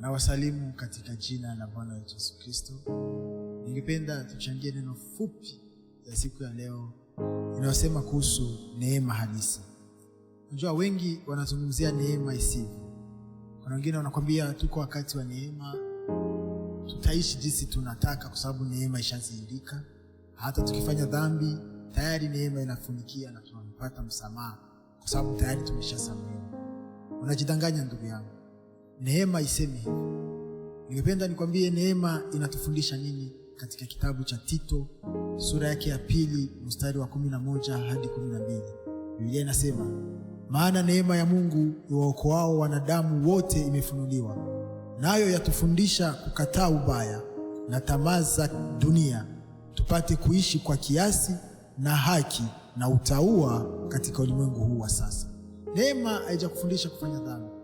Nawasalimu katika jina la Bwana Yesu Kristo. Ningependa tuchangie neno fupi ya siku ya leo inayosema kuhusu neema halisi. Unajua, wengi wanazungumzia neema isivyo. Kuna wengine wanakwambia tuko wakati wa neema, tutaishi jinsi tunataka kwa sababu neema ishaziindika. Hata tukifanya dhambi tayari neema inafunikia na tunapata msamaha kwa sababu tayari tumeshasamehewa. Unajidanganya ndugu yangu. Neema isemi hivi. Ningependa nikwambie neema inatufundisha nini katika kitabu cha Tito sura yake ya pili mstari wa 11 hadi 12. Biblia inasema, maana neema ya Mungu iwaokoao wanadamu wote imefunuliwa, nayo yatufundisha kukataa ubaya na tamaa za dunia, tupate kuishi kwa kiasi na haki na utaua katika ulimwengu huu wa sasa. Neema haijakufundisha kufanya dhambi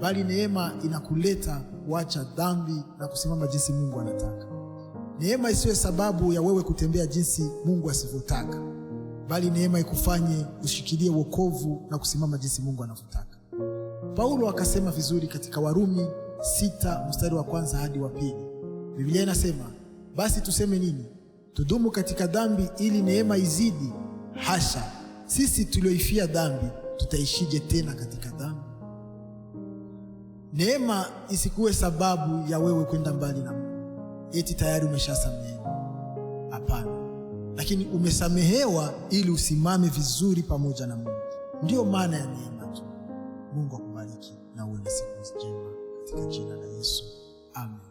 bali neema inakuleta kuacha dhambi na kusimama jinsi Mungu anataka. Neema isiwe sababu ya wewe kutembea jinsi Mungu asivyotaka, bali neema ikufanye ushikilie wokovu na kusimama jinsi Mungu anavyotaka. Paulo akasema vizuri katika Warumi sita mstari wa kwanza hadi wa pili. Biblia inasema basi tuseme nini? Tudumu katika dhambi ili neema izidi? Hasha! Sisi tulioifia dhambi tutaishije tena katika dhambi? Neema isikuwe sababu ya wewe kwenda mbali na Mungu, eti tayari umeshasamehewa. Hapana, lakini umesamehewa ili usimame vizuri pamoja na Mungu. Ndiyo maana ya neema tu. Mungu akubariki na uwe na siku njema katika jina la Yesu, amen.